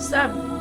Seven.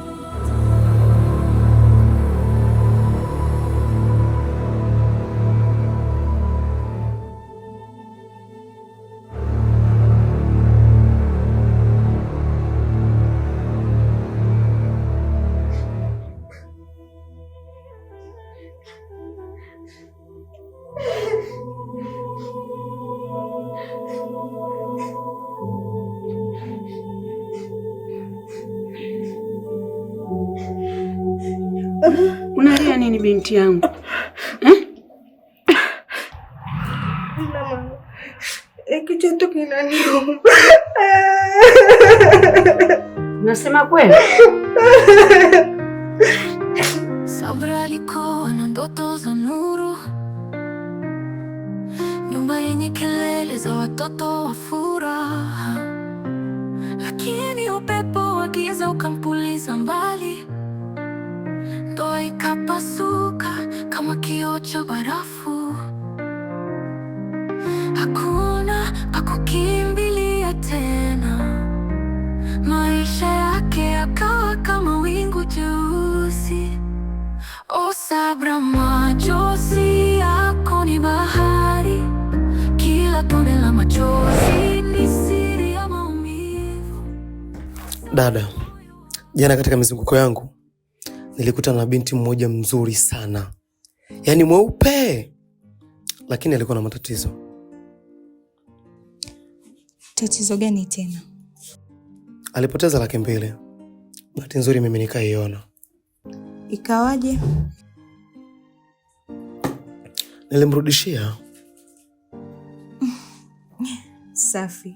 Unalia nini binti yangu eh? Nasema kweli. Sabra alikuwa na ndoto za nuru, nyumba yenye kelele za watoto wafu kioo cha barafu, hakuna pa kukimbilia tena. Maisha yake yakawa kama wingu jeusi. O Sabra, machozi yako ni bahari, kila tone la machozi ni siri ya maumivu. Dada, jana katika mizunguko yangu nilikutana na binti mmoja mzuri sana yani mweupe, lakini alikuwa na matatizo. Tatizo gani tena? Alipoteza laki mbili. Bahati nzuri mimi nikaiona. Ikawaje? Nilimrudishia. Safi,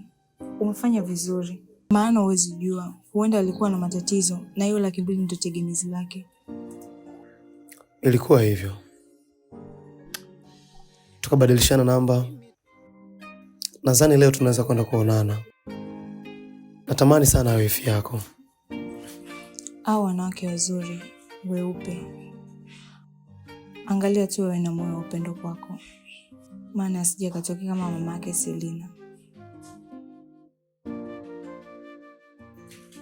umefanya vizuri, maana huwezi jua, huenda alikuwa na matatizo na hiyo laki mbili ndio tegemezi lake. Ilikuwa hivyo tukabadilishana namba. Nadhani leo tunaweza kwenda kuonana. Natamani sana wifi yako au wanawake wazuri weupe. Angalia tu wewe na moyo wa upendo kwako, maana asije akatokea kama mama yake Selina.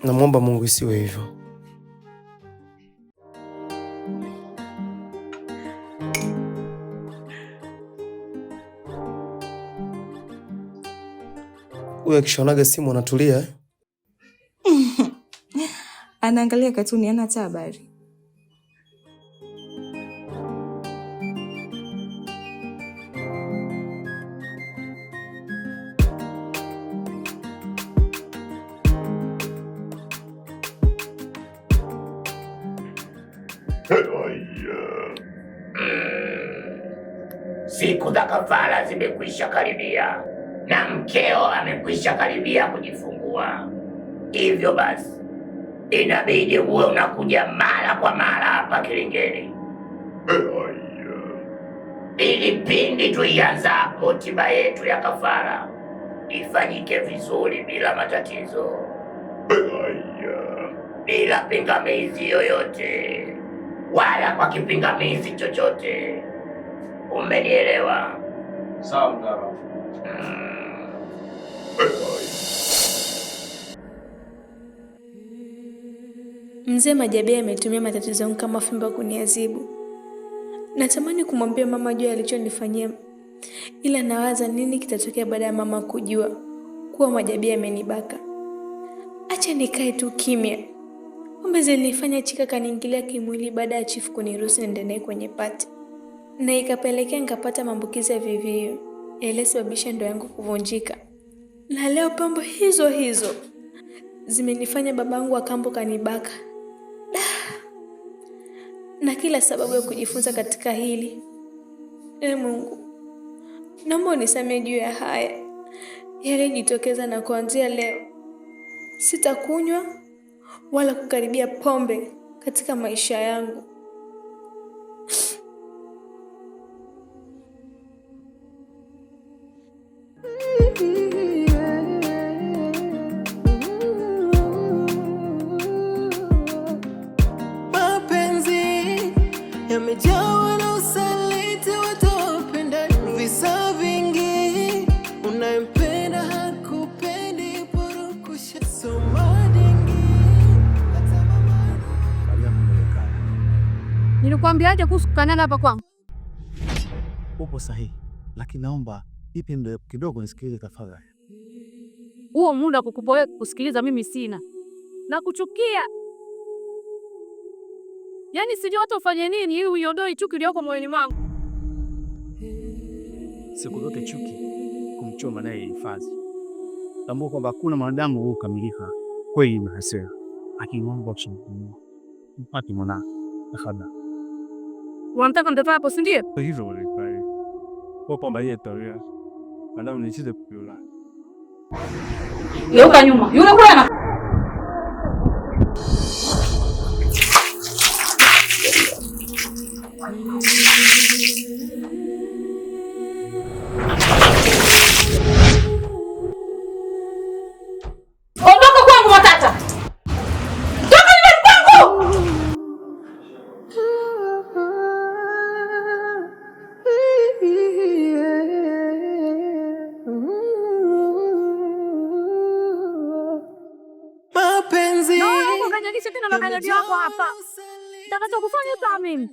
Namwomba Mungu isiwe hivyo. huyo akishaonaga simu anatulia. Anaangalia katuni, ana hata habari. Siku za kafara zimekwisha karibia na mkeo amekwisha karibia kujifungua. Hivyo basi inabidi uwe unakuja mara kwa mara hapa Kilingeni ili pindi tuianzapo tiba yetu ya kafara ifanyike vizuri bila matatizo, bila pingamizi yoyote wala kwa kipingamizi chochote. Umenielewa? Sawa. Mzee Majabe ametumia matatizo yangu kama fimbo kuniadhibu. Natamani kumwambia mama juu alichonifanyia, ila nawaza nini kitatokea baada ya mama kujua kuwa Majabe amenibaka. Acha nikae tu kimya. Ombi zilinifanya Chika kaniingilia kimwili baada ya chifu kuniruhusu niende naye kwenye pati, na ikapelekea nikapata maambukizi ya VVU yaliyosababisha ndoa yangu kuvunjika, na leo pambo hizo hizo zimenifanya babangu wa kambo kanibaka na kila sababu ya kujifunza katika hili. e Mungu, naomba unisamehe juu ya haya yaliyojitokeza, na kuanzia leo sitakunywa wala kukaribia pombe katika maisha yangu. Nilikwambiaje kuhusu kukanana hapa kwangu? Upo sahihi, lakini naomba ipe muda kidogo nisikilize tafadhali. Huo muda kukupa wewe kusikiliza mimi sina, nakuchukia. Yaani sijui watu ufanye nini ili uiondoe chuki iliyoko moyoni mwangu. Siku zote chuki kumchoma naye hifadhi. Tambua kwamba hakuna mwanadamu huu kamilika kweli na hasira, lakini Mungu mpati mwana Tafadhali. Wanataka nitoka hapo si ndio? Hivyo ulikai. Hapo mbaya tawia. Anao nicheze kula. Leo kanyuma. Yule kule ana unalinganisha tena na melodi hapa, takachokufanya hapa mimi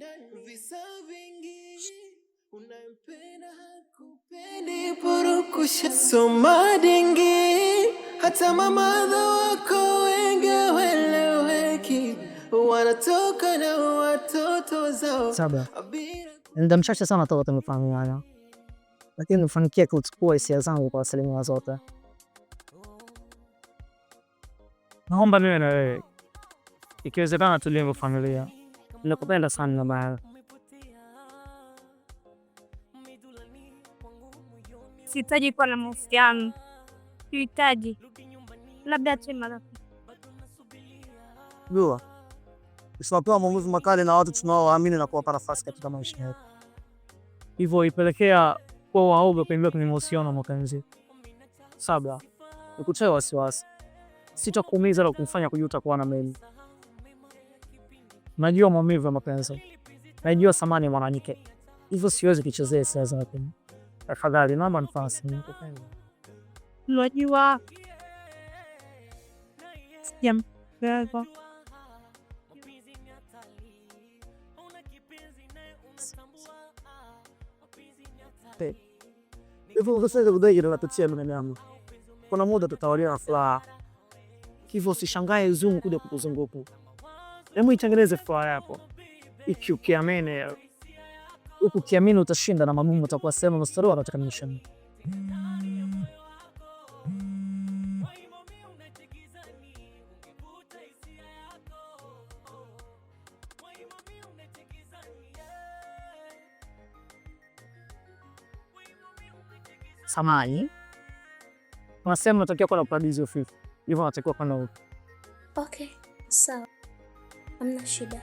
purukusha soma dingi hata mamadha wako wengi weleweki wanatoka na watoto zao saba. Muda mchache sana toka tumefahamiana, lakini nimefanikia kuchukua hisia zangu kwa asilimia zote. Naomba niwe na wewe ikiwezekana tulivu familia. Nakupenda sana baba. Sihitaji kuwa na mahusiano, sihitaji labda tu marafiki. Jua tunapewa maamuzi makali na watu tunaowaamini na kuwapa nafasi katika maisha yetu, hivyo ipelekea kuwa waoga kuingia kwenye mahusiano na mapenzi. Sabla, nikutoe wasiwasi, sitakuumiza na kumfanya kujuta kuwa na mimi. Najua maumivu ya mapenzi, najua samani mwanamke, hivyo siwezi kuchezea hisia zako. Tafadhali naomba nafasi. Najua sijampenda, kuna muda tutawalia na furaha, hivyo usishangae huzuni kuja kukuzunguka hebu itengeneze furaha yako. Ukiamini huku, ukiamini utashinda na magumu utakuwa sehemu mstari anatakamisha samani kuna sehemu natakiwa kuwa na upadizi ofisi, hivyo unatakiwa kuwa na okay, sawa. So. Hamna shida.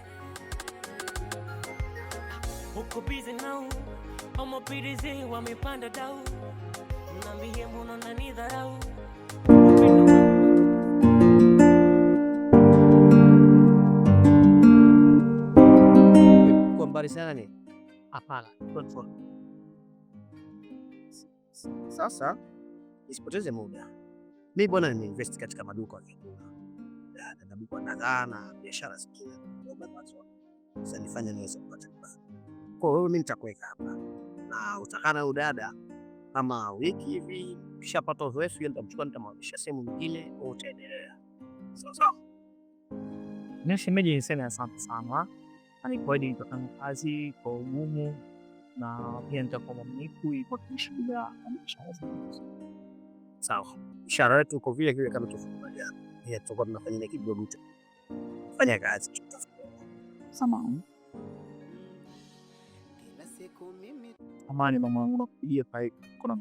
Uko wamepanda wamepanda dau, mnambie mbona kwa mbali sana ni hapana. Sasa isipoteze muda, mi bwana nimeinvesti katika maduka ya vyakula natabuka na dhana biashara zingine niweze kupata Kwa hiyo mimi nitakuweka hapa na utakana huyu dada kama wiki hivi, ukishapata uzoefu nitamchukua nitamwamisha sehemu nyingine, utaendelea sawa sawa. niseme asante sana alikuahidi yaani nitafanya kazi kwa ugumu na pia nitakuwa mwaminifu sawa. Ishara yetu iko vile vile kama tulivyokubaliana fanya kazi amani. Mama wangu nakupigia kuna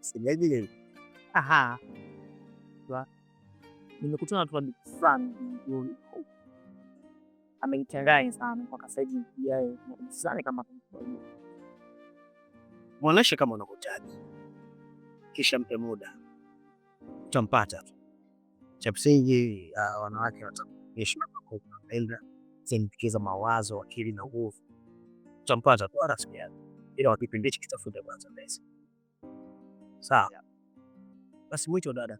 sijaji. Aha, nimekutana na watu fulani amenichanganya sana kwa kasaji yaye sana, kama mwanaisha kama unakotaji kisha mpe muda, utampata tu. Cha msingi uh, wanawake watamheshima zindikiza mawazo, akili na nguvu, utampata tu rafiki yake, ila kwa kipindi hichi kitafute kwanza pesa. Sawa, basi mwito dada.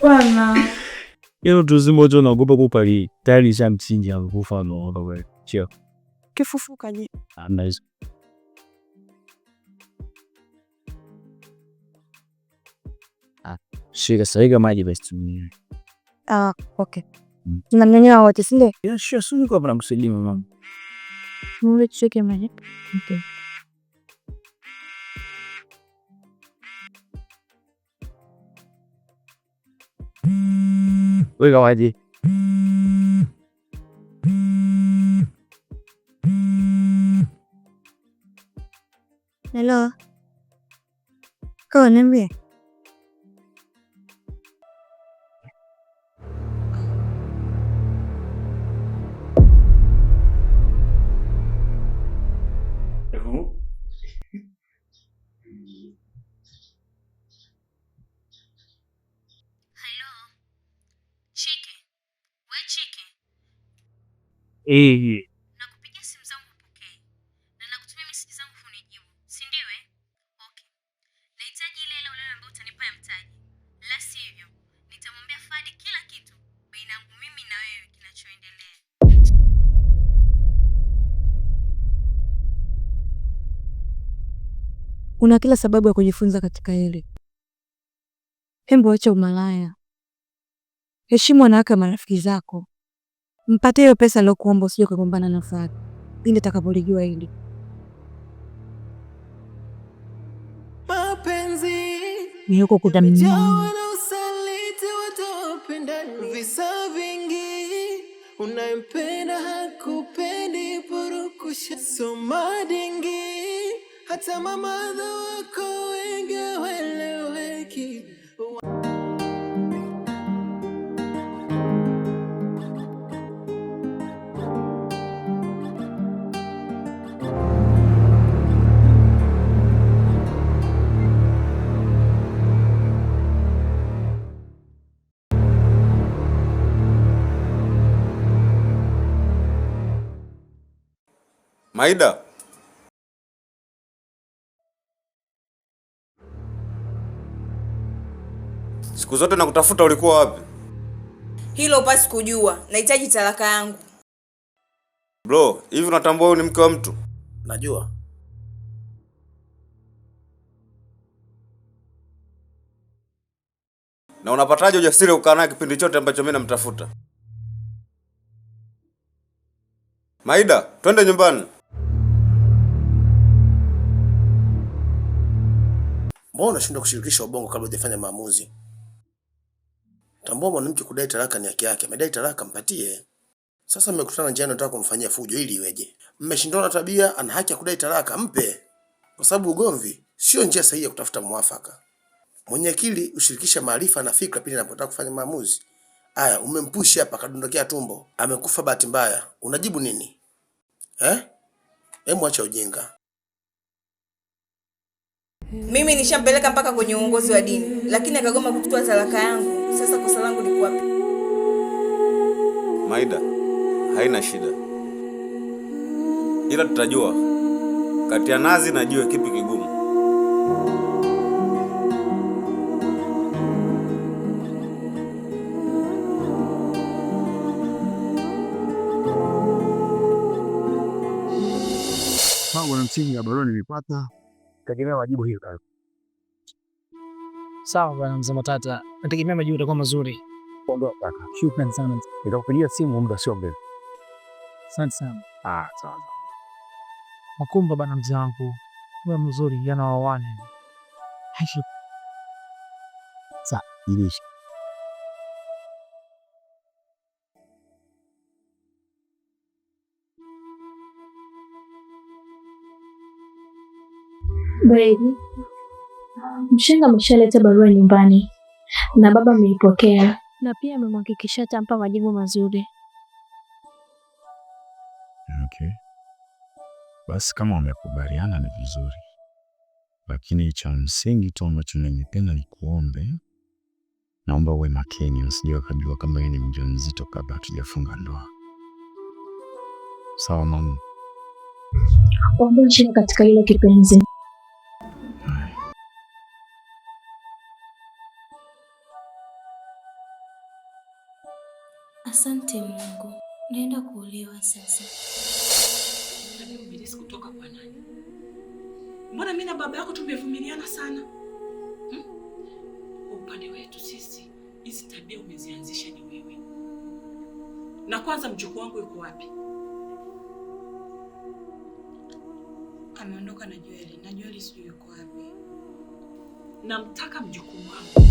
Bwana. Hilo tuzi moja naogopa kupali. Tayari sha mchinja amekufa no wewe. Chio. Kifufuka je? Ah, Anaweza. Ah, shika saiga maji basi tumie. Ah, okay. Hmm. Tunamnyonya wote, si ndio? Sio, sio, sio kwa mama. Mwe cheke maji. Okay. Ui gọi gì? Hello. Cờ nên về. eh. Nakupigia simu zangu upokee. Na nakutumia message zangu unijibu. Si ndio eh? Okay. Nahitaji ile ile ambayo utanipa ya mtaji. La sivyo, nitamwambia Fadi kila kitu baina yangu mimi na wewe kinachoendelea. Una kila sababu ya kujifunza katika hili. Hembo, acha umalaya. Heshimu wanawake wa marafiki zako. Mpatie hiyo pesa aliokuomba, usije kugombana na Fadhili pindi atakapolijua hili. Mapenzi ni huko kudhaminiana, visa vingi, unayempenda hakupendi, purukusha hata mamadha wako wengi Maida, siku zote nakutafuta, ulikuwa wapi? Hilo upasi kujua, nahitaji talaka yangu. Bro, hivi unatambua huyu ni mke wa mtu? Najua. Na unapataje ujasiri ukaa naye kipindi chote ambacho mimi namtafuta? Maida, twende nyumbani. Mbona unashindwa kushirikisha ubongo kabla hujafanya maamuzi? Tambua mwanamke kudai talaka ni haki yake. Amedai talaka, mpatie. Sasa mmekutana njiani, nataka kumfanyia fujo ili iweje? Mmeshindana tabia, ana haki ya kudai talaka, mpe, kwa sababu ugomvi sio njia sahihi ya kutafuta mwafaka. Mwenye akili ushirikisha maarifa na fikra pindi anapotaka kufanya maamuzi. Aya, umempushi hapa, kadondokea tumbo, amekufa bahati mbaya, unajibu nini eh? Hebu acha ujinga. Mimi nishampeleka mpaka kwenye uongozi wa dini, lakini akagoma kutoa talaka yangu. Sasa kosa langu liko wapi? Maida, haina shida, ila tutajua kati ya nazi na jiwe kipi kigumu. Pango la msingi ya barua nilipata tegemea majibu hiyo kaka. Sawa bwana mzee Matata, nategemea majibu yatakuwa mazuri. Ondoa kaka. Shukrani sana. Nitakupigia simu muda sio mbele. Asante sana. Ah, sawa. Makumba bwana mzee wangu, wewe mzuri yana wawane. Sawa, ilisha. Baby, mshenga ameshaleta barua nyumbani na baba ameipokea na pia amemhakikishia tampa majibu mazuri. Okay, basi kama wamekubaliana ni vizuri, lakini cha msingi tu ambacho ningependa kuombe naomba uwe makini, usije ukajua kama yeye ni mjamzito kabla hatujafunga ndoa. Sawa mama? Ondoa katika ile kipenzi Sasa alimbilisi kutoka kwa nani? Mbona mi na baba yako tumevumiliana sana hmm? upande wetu sisi, hizi tabia umezianzisha ni wewe. Na kwanza mjukuu wangu yuko wapi? Ameondoka na Joeli. Na Joeli sijui yuko wapi. Namtaka mjukuu wangu.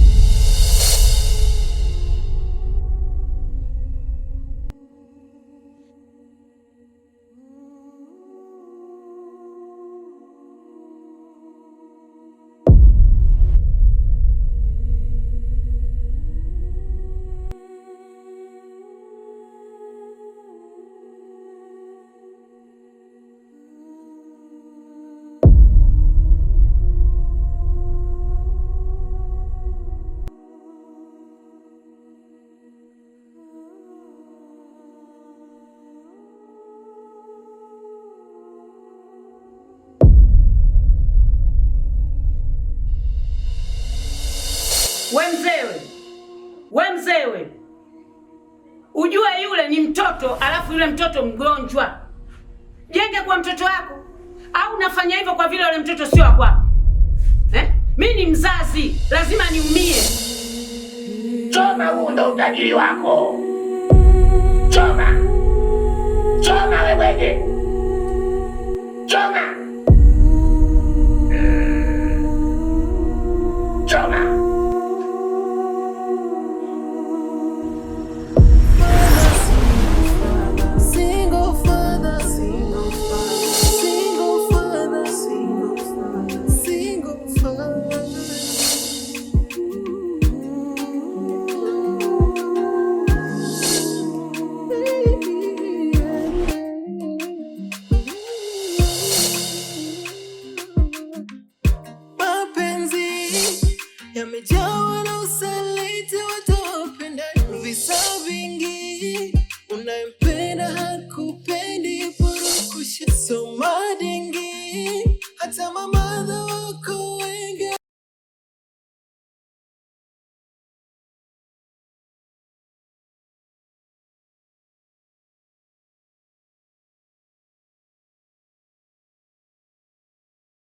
mtoto alafu yule mtoto mgonjwa, jenge kwa mtoto wako, au nafanya hivyo kwa vile yule mtoto sio wako eh? Mimi ni mzazi, lazima niumie. Choma huo ndo utajiri wako.